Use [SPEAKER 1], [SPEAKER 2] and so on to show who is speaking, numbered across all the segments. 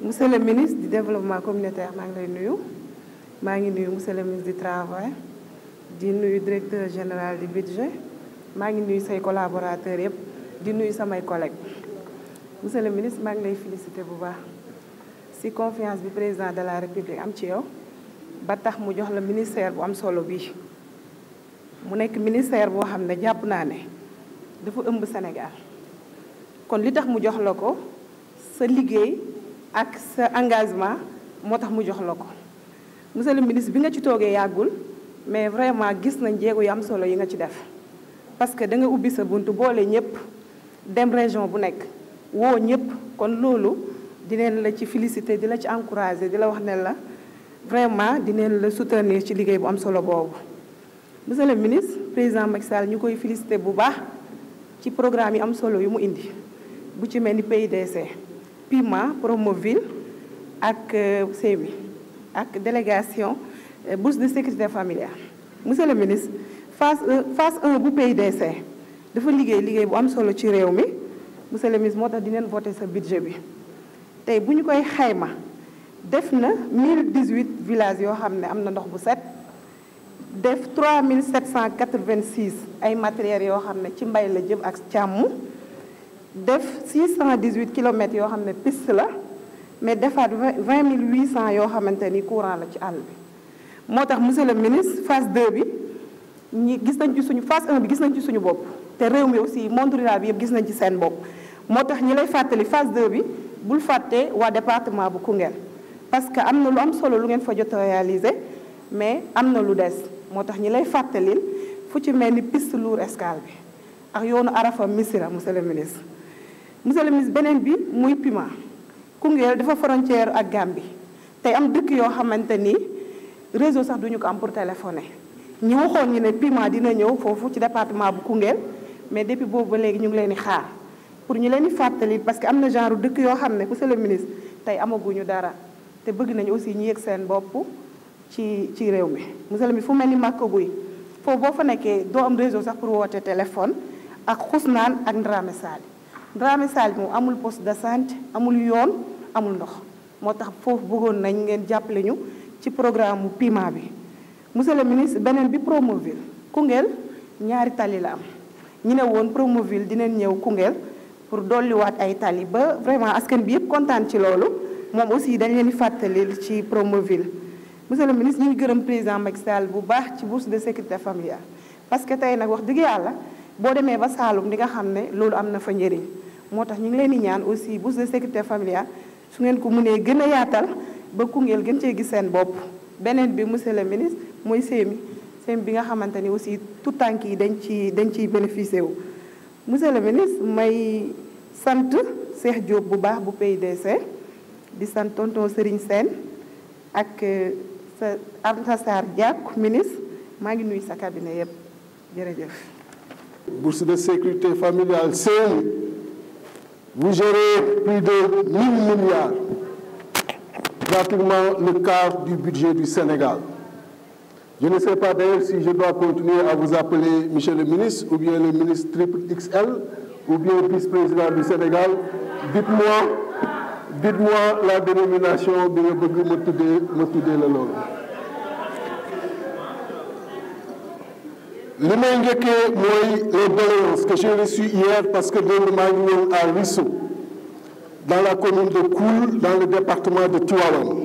[SPEAKER 1] monsieur le ministre du développement communautaire maa ngi lay nuyu maa ngi nuyu monsieur le ministre du travail di nuyu directeur général di budget maa ngi nuyu say collaborateurs yëpp di nuyu samay collègues monsieur le ministre maa ngi lay félicité bu baax ci confiance bi président de la république am ci yow ba tax mu jox la ministère bu am solo bii mu nekk ministère boo xam ne jàpp naa ne dafa ëmb Sénégal kon li tax mu jox la ko sa liggéey ak sa engagement moo tax mu jox la ko monsieur le ministre bi nga ci toogee yàggul mais vraiment gis nañ jéego yi am solo yi nga ci def parce que da nga ubbi sa buntu boole ñëpp dem région bu nekk woo ñëpp kon loolu dineen la ci félicité di la ci encouragé di la wax ne la vraiment dineen la soutenir ci liggéey bu am solo boobu monsieur le ministre président Macky Sall ñu koy félicité bu baax ci programme yi am solo yu mu indi bu ci mel ni PIDC PUMA Promoville ak euh, CEMI ak délégation euh, bourse de sécurité familiale. monsieur le ministre phase phase euh, un bu PIDC dafa liggéey liggéey bu am solo ci réew mi monsieur le ministre moo tax dineen voté sa budget bi tey bu ñu koy xayma def na 1018 villages yoo xam ne am na ndox bu set def 3786 ay matériels yoo xam ne ci mbay la jëm ak càmm def dix 618 kilomètres yoo xam ne piste la mais defaat 20 cent yoo xamante ni courant la ci àll bi moo tax monsieur le ministre phase 2 bi ñi gis nañ ci suñu phase 1 bi gis nañ ci suñu bopp te réew mi aussi monde rural bi yëpp gis nañ ci seen bopp moo tax ñi lay fàttali phase 2 bi bul fàtte waa département bu Koungheul parce que am na lu am solo lu ngeen fa jot réaliser mais am na lu des moo tax ñi lay fàttalil fu ci mel ni piste lourd escale bi ak yoonu Arafa Missira monsieur le ministre monsieur le ministre beneen bi muy Puma Koungheul dafa frontière ak Gambie tey am dëkk yoo xamante ni réseau sax duñu ko am pour téléphoner ñu waxoon ñu ne Puma dina ñëw foofu ci département bu Koungheul mais depuis boobu léegi ñu ngi leen di xaar pour ñu leen di fàttali parce que am na genre dëkk yoo xam ne monsieur le ministre tey amaguñu dara te bëgg nañu aussi ñu yëg seen bopp ci ci réew mi monsieur le fu mel ni màkk guy foofu boo fa nekkee doo am réseau sax pour woote téléphone ak xusnaan ak ndrame Dramé Salimou amul poste de santé amul yoon amul ndox moo tax foofu bëggoon nañ ngeen jàppale ñu ci programme mu PIMA bi monsieur le ministre beneen bi Promoville Koungheul ñaari tali la am ñu ne woon Promoville dinañ ñëw Koungheul pour dolliwaat ay tali ba vraiment askan bi yëpp kontaan ci loolu moom aussi dañ leen di fàttali ci Promoville monsieur le ministre ñu gërëm président Macky bu baax ci bourse de sécurité familial parce que tey nag wax dëgg yàlla boo demee ba Saalum di nga xam ne loolu am na fa njëriñ. moo tax ñu ngi leen di ñaan aussi bourse de sécurité familial su ngeen ko mënee gën a yaatal ba Koungheul gën cee gis seen bopp beneen bi monsieur le ministre mooy seemi seemi bi nga xamante ni aussi tout tànk yi dañ ci dañ ciy bénéficié wu monsieur le ministre may sant Cheikh Diop bu baax bu PIDC di sant tonton Serigne Sène ak euh, sa Anta Sarr ministre maa ngi nuy sa cabinet yëpp jërëjëf
[SPEAKER 2] bourse de sécurité familiale seemi vous gérez plus de 1000 milliards, pratiquement le quart du budget du Sénégal. Je ne sais pas d'ailleurs si je dois continuer à vous appeler monsieur le ministre ou bien le ministre triple XL ou bien vice-président du Sénégal. Dites-moi, la dénomination bi nga bëgg ma tuddee ma tuddee la li may njëkkee mooy les doléances que j'ai reçues hier parce que démb maa ngi woon à Rissou dans la commune de Koul dans le département de Tivaouane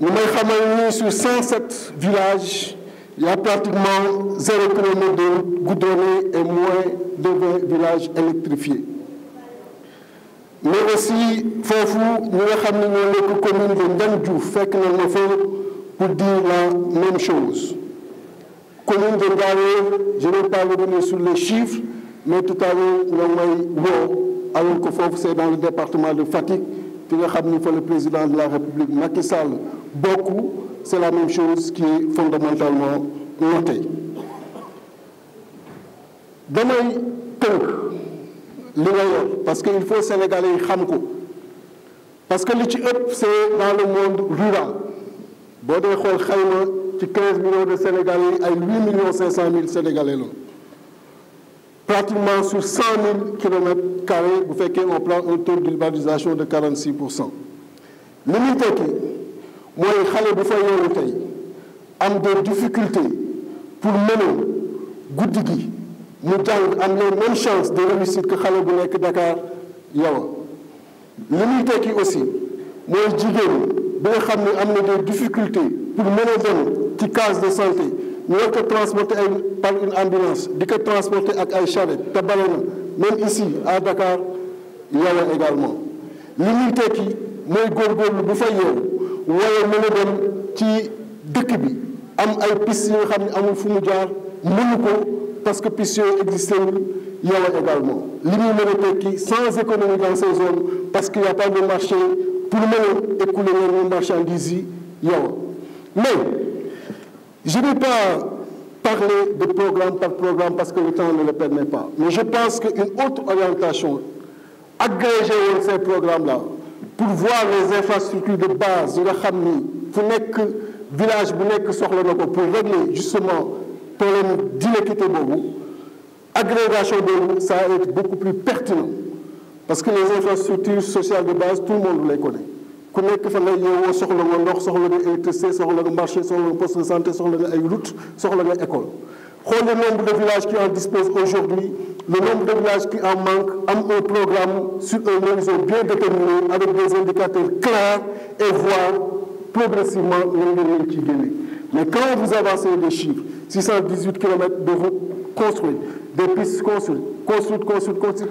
[SPEAKER 2] ñu may xamal ni sur villages il y a pratiquement zéro kilomètre de route goudronnée et moins de 20 villages électrifiés mais aussi foofu ñi nga xam ne ñoo nekk commune de Ndane Diouf fekk na ma fa pour dire la même chose commune de Ndiago je vais pas revenir sur les chiffres mais tout à l'heure may woo alors que foofu c'est dans le département de Fatick fi nga xam ni fa le président de la République Macky Sall c'est la même chose qui est fondamentalement notée damay tënk li nga yor parce que il faut Sénégalais yi xam ko parce que li ci ëpp c'est dans le monde rural boo dee xool xayma ci 15 millions de Sénégalais yi ay 8 millions 500 mille Sénégalais la pratiquement sur kilomètres carrés bu fekkee on prend un taux d'urbanisation de 46 pour cent li muy tekki mooy xale bu fa yoonu tey am des difficultés pour mener guddi gi mu jàng am les mêmes chances de réussite que xale bu nekk Dakar Yawa li muy tekki aussi mooy jigéen bi nga xam ne am na des difficultés pour mën a ci case de santé ñu war ko transporter ay par une ambulance di ko transporter ak ay charrette te bale na même ici à Dakar Yawé également li ñuy tekki mooy góorgóorlu bu fay yeewu waaye mën a dem ci dëkk bi am ay piste yi xam ne amul fu mu jaar mënu ko parce que piste yooyu existé wul Yawé également li muy mën a tekki sans économie dans ces parce que n'y a pas de marché pour mën a écouler les marchandises yi Yawé mais Je ne vais pas parler de programme par programme parce que le temps ne le permet pas. Mais je pense qu'une autre orientation, agréger ces programmes-là, pour voir les infrastructures de base, de la famille, pour que village bu nekk soxla na ko pour régler justement problème d'inéquité boobu agrégation boobu ça va être beaucoup plus pertinent parce que les infrastructures sociales de base tout le monde les connaît ku nekk fa ngay yeewoo soxla nga ndox soxla nga électricité soxla nga marché soxla nga poste de de villages qui en disposent aujourd'hui le nombre de mais quand vous avancez les chiffres 618 kilomètres de route construite des pistes construites construites construites construites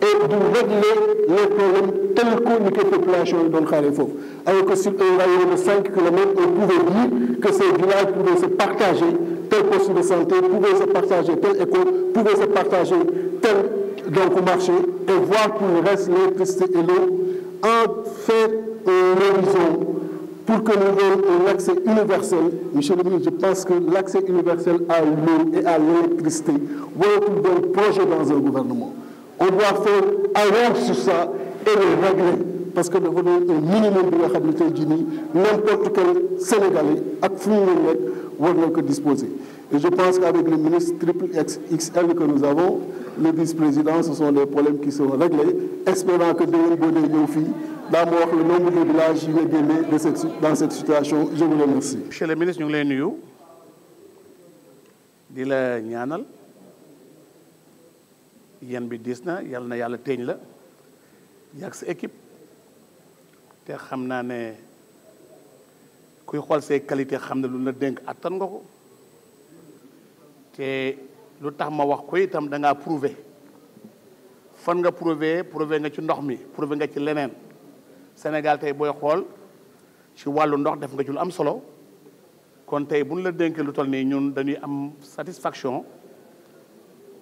[SPEAKER 2] et du régler les problèmes tels que ñu ko population yi doon xaaree foofu alors que sur un rayon de cinq kilomètres on pouvait dire que ces villages pouvaient se partager tel poste de santé pouvait se partager telle école pouvait se partager tel donc marché et voir pour reste l'électricité et l'eau en fait un horizon pour que nous ayons un accès universel monsieur le ministre je pense que l'accès universel à l'eau et à l'électricité projet dans on doit faire alerte sur ça et le régler parce que dafa doon un minimum bi nga xam ne tey jii nii quel Sénégalais ak fu mu nekk war disposer et je pense qu'avec le ministre triple XXL que nous avons le vice-président ce sont des problèmes qui seront réglés espérant que déwén boo dee ñëw fii daa ma wax le nombre de villages dans cette situation je vous remercie.
[SPEAKER 3] monsieur le ministre ñu ngi lay nuyu la ñaanal. yan bi diis na yal na yàlla téeñ la yàgg sa équipe te xam naa ne kuy xool say qualité xam ne lu la dénk attan nga ko te lu tax ma wax ko itam danga ngaa fan nga prouver prouver nga ci ndox mi prouver nga ci leneen Sénégal tey booy xool ci wàllu ndox def nga ci lu am solo kon tey bu ñu la dénkee lu toll nii ñun dañuy am satisfaction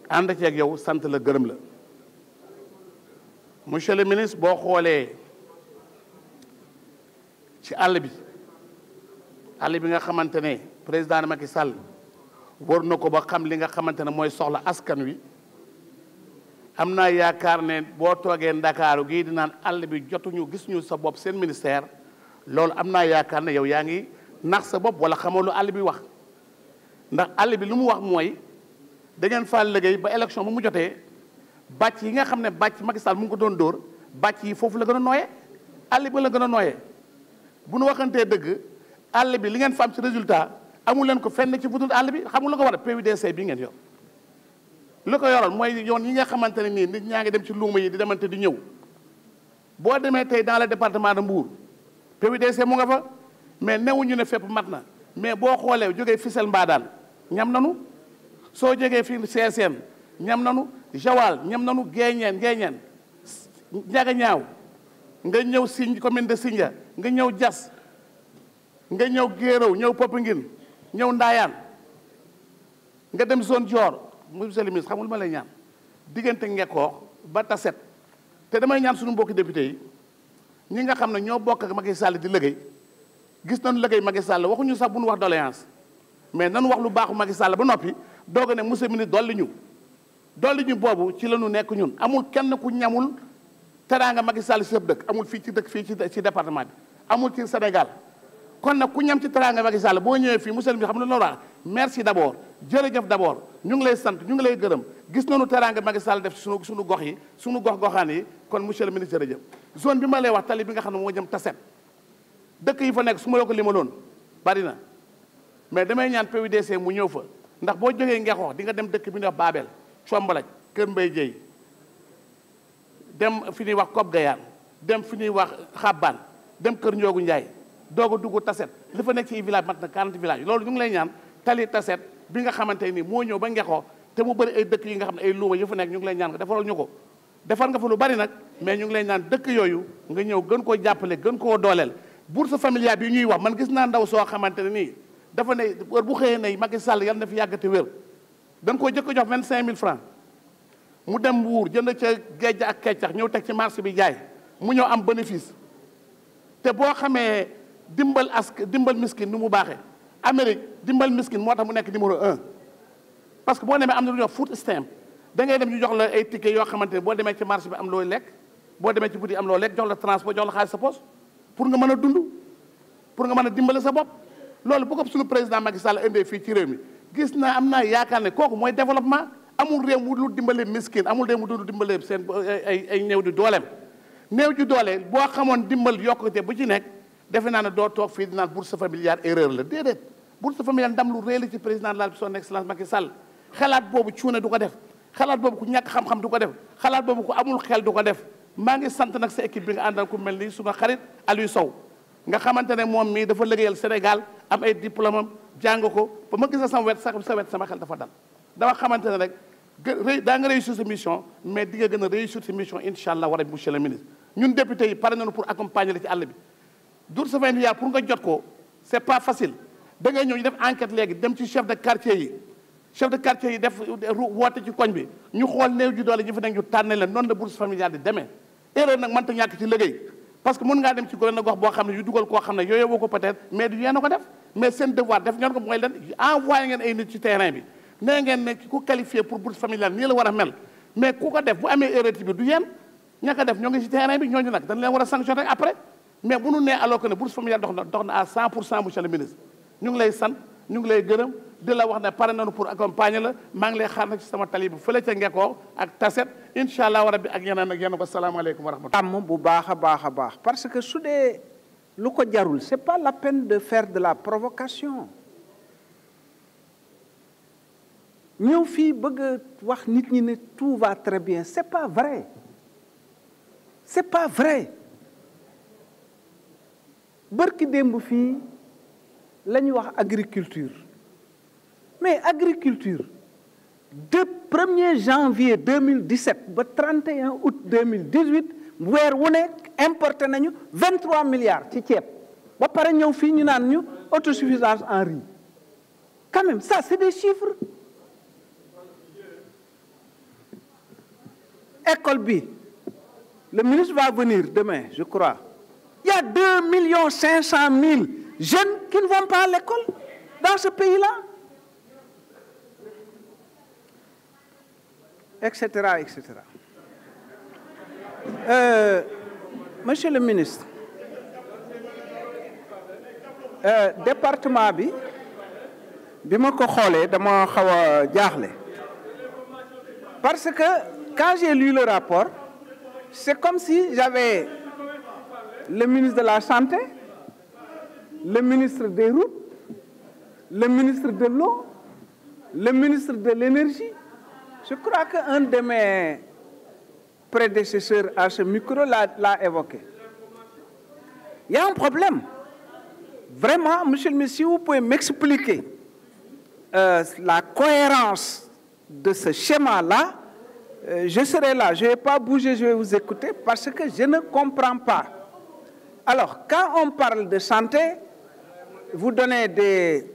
[SPEAKER 3] ànd ci ak yow sant la gërëm la monsieur le ministre boo xoolee ci àll bi àll bi nga xamante ne président Macky sal war na ko ba xam li nga xamante ne mooy soxla askan wi am naa yaakaar ne boo toogee ndakaaru gi di naan àll bi jotuñu gis ñu sa bopp seen ministère loolu am naa yaakaar ne yow yaa ngi nax sa bopp wala xamoo lu àll bi wax ndax àll bi lu mu wax mooy da ngeen faa liggéey ba élection bu mu jotee bàcc yi nga xam ne bàcc Macky Sall mu ngi ko doon dóor bàcc yi foofu la gën a nooyee àll bi la gën a nooyee bu nu waxantee dëgg àll bi li ngeen fa am ci résultat amul leen ko fenn ci budul àll bi xamul la ko war a PUDC bi ngeen yor lu ko yoroon mooy yoon yi nga xamante ne nii nit ñaa ngi dem ci luuma yi di demante di ñëw boo demee tey dans le département de Mbour PUDC mu nga fa mais ñu ne fépp mat na mais boo xoolee jógee Fissel Mbadane ñam nanu soo jegee fii CSM ñam nanu Joal ñam nanu Guéniène Guéniène Ndiaga ñaaw nga ñëw Sinj commune de Sinja nga ñëw jas nga ñëw Guéréo ñëw Popenguine ñëw ndaayaan nga dem zone Dior monsieur le ministre xamul ma lay ñaan diggante Ngekoox ba taset te damay ñaan suñu mbokki député yi ñi nga xam ne ñoo bokk ak Sall di liggéey gis nañu liggéey Macky Sall waxuñu sax bu ñu wax doléance mais nanu wax lu baaxu Macky Sall ba noppi doog a monsieur ministre dolli ñu dolli ñu boobu ci la ñu nekk ñun amul kenn ku ñamul teraanga Macky Sall si sëb dëkk amul fii ci dëkk fii ci ci département bi amul ci Sénégal kon nag ku ñam ci teraanga Macky Sall boo ñëwee fii monsieur le ministre xam ne loolu merci d' abord abord ñu ngi lay sant ñu ngi lay gërëm gis nañu teraanga Macky Sall def suñu suñu gox yi suñu gox goxaan kon monsieur le ministre jërëjëf bi ma lay wax tali bi nga xam ne moo jëm Tassette dëkk yi fa nekk su ma la ko limaloon bari na mais damay ñaan PUDC mu ñëw fa ndax boo jógee ngexoo di nga dem dëkk bi ñuy wax Baabel Combalaj Kër Mbay Jéy dem fi nuy wax Kob Gayaan dem fi ñuy wax Xabbaan dem Kër Njoogu Njaay doog a dugg Taset li fa nekk ci village mat na 40 village loolu ñu ngi lay ñaan tali Taset bi nga xamante ni moo ñëw ba ngeexoo te mu bëri ay dëkk yi nga xam ne ay luuma yu fa nekk ñu ngi lay ñaan nga defaral ñu ko defar nga fa lu bari nag mais ñu ngi lay ñaan dëkk yooyu nga ñëw gën koo jàppale gën koo dooleel bourse familiale bi ñuy wax man gis naa ndaw soo xamante ne nii dafa ne heure bu xëyee nay Macky Sall yal na fi yàggati wér dañ koo jëkk jox vingt cinq mille francs mu dem Mbuur jënd ca géej ak keccax ñëw teg ci marché bi jaay mu ñëw am bénéfice te boo xamee dimbal ask dimbal miskin nu mu baaxee Amérique dimbal miskin moo tax mu nekk numéro un parce que boo demee am na lu ñuy wax food stamp da ngay dem ñu jox la ay ticket yoo xamante ne boo demee ci marché bi am looy lekk boo demee ci boutique am loo lekk jox la transport jox la xaalis sa poche pour nga mën a dund pour nga mën a dimbale sa bopp loolu bu ko suñu président Macky Sall indee fii ci réew mi gis naa am naa yaakaar ne kooku mooy développement amul réew mu lu dimbale miskin amul réew mu lu dimbale seen ay ay néew di dooleem néew ji doole boo xamoon dimbal yokkute bu ci nekk defe naa ne doo toog fii dinaan bourse familiale erreur la déedéet bourse familiale ndam lu réel ci président de la son excellence Macky Sall xalaat boobu cuune du ko def xalaat boobu ku ñàkk xam-xam du ko def xalaat boobu amul xel du ko def maa ngi sant nag sa équipe bi nga àndal ku mel ni suma xarit Aliou Sow nga xamante ne moom mii dafa liggéeyal Sénégal am ay diplôme am jàng ko ba ma gis sama wet sax sa wet sama xel dafa dal dama xamante ne rek gë daa nga réussir sa mission mais di nga gën a réussir sa mission incha allah war a monsieur le ministre ñun député yi pare nañu pour accompagner la ci àll bi dur sa vingt pour nga jot ko c'est pas facile da ngay ñëw ñu def enquête léegi dem ci chef de quartier yi chef de quartier yi def woote ci koñ bi ñu xool néew ju doole ñu tànne leen noonu la bourse familiale di demee erreur nag mënta ñàkk ci liggéey parce que mën ngaa dem ci gouverneur gox boo xam ne yu dugal koo xam ne yooyu woo ko peut mais du yéen a ko def mais seen devoir def ngeen ko mooy leen envoyé ngeen ay nit ci terrain bi nee ngeen ne ki ko pour bourse familiale nii la war a mel mais ku ko def bu amee erreur bi du yéen ña ko def ñoo ngi ci terrain bi ñooñu nag dañ leen war a sanctionné après mais bu nu nee alors que ne bourse familiale dox na dox na à 100 pour cent monsieur le ministre ñu ngi lay gërëm di la wax na pare na nañu pour accompagner la maa ngi lay xaar nag ci sama tali bu fële ca ak Taset incha allah rabbi ak yeneen ak yeneen ko salaamaaleykum wa rahmatulah. tàmm bu baax a baax a baax parce que su dee lu ko
[SPEAKER 4] jarul c'est pas la peine de faire de la provocation ñëw fii bëgg wax nit ñi ne tout va très bien c'est pas vrai c'est pas vrai bërki démb fii. la ñuy wax agriculture mais agriculture de premier janvier 2017 ba 31 août 2018 weer wu ne importé nañu 23 milliards ci ceeb ba pare ñëw fii ñu naan ñu autosuffisance en riz quand même ça c'est des chiffres école bi le ministre va venir demain je crois il y a 2 millions 500 mille jeunes qui ne vont pas à l'école dans ce pays-là. Etc., etc. Euh, monsieur le ministre, euh, département bi bi ma ko xoolee dama xaw a jaaxle parce que quand j'ai lu le rapport c'est comme si j'avais le ministre de la santé le ministre des routes le ministre de l'eau le ministre de l'énergie je crois qu'un de mes prédécesseurs à ce micro l'a évoqué il y a un problème vraiment monsieur le maire si vous pouvez m'expliquer euh, la cohérence de ce schéma-là euh, je serai là je vais pas bouger je vais vous écouter parce que je ne comprends pas alors quand on parle de santé vous donnez des,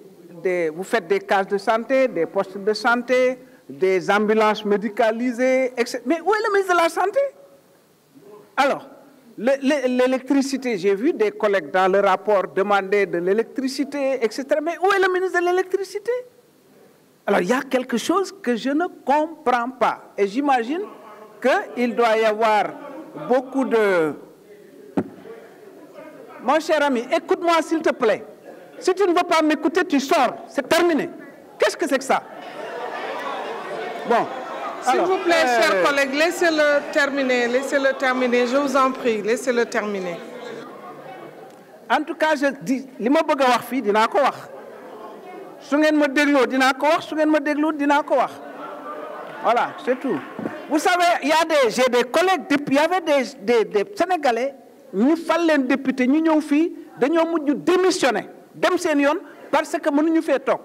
[SPEAKER 4] des, vous faites des cases de santé, des postes de santé, des ambulances médicalisées, etc. Mais où est le ministre de la Santé Alors, l'électricité, j'ai vu des collègues dans le rapport demander de l'électricité, etc. Mais où est le ministre de l'électricité Alors, il y a quelque chose que je ne comprends pas. Et j'imagine qu'il doit y avoir beaucoup de... Mon cher ami, écoute-moi s'il te plaît. Si tu ne veux pas m'écouter, tu sors. C'est terminé. Qu'est-ce que c'est que ça Bon. S'il vous plaît, euh... chers collègues, laissez-le terminer. le terminer. Je vous en prie, laissez-le terminer. En tout cas, je dis, li ma bëgg a wax fii dinaa ko wax su ngeen ma dégloo dinaa ko wax su ngeen ma déglu dinaa ko wax voilà c'est tout. vous savez il a des j'ai des collègues depuis y avait des des des sénégalais ñu fal leen député ñu ñëw fii dañoo mujj démissionner. dem seen yoon parce que mënuñu fee toog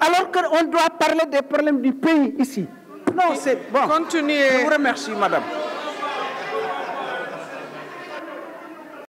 [SPEAKER 4] alors que on doit parler des problèmes du pays ici non c'est je vous remercie madame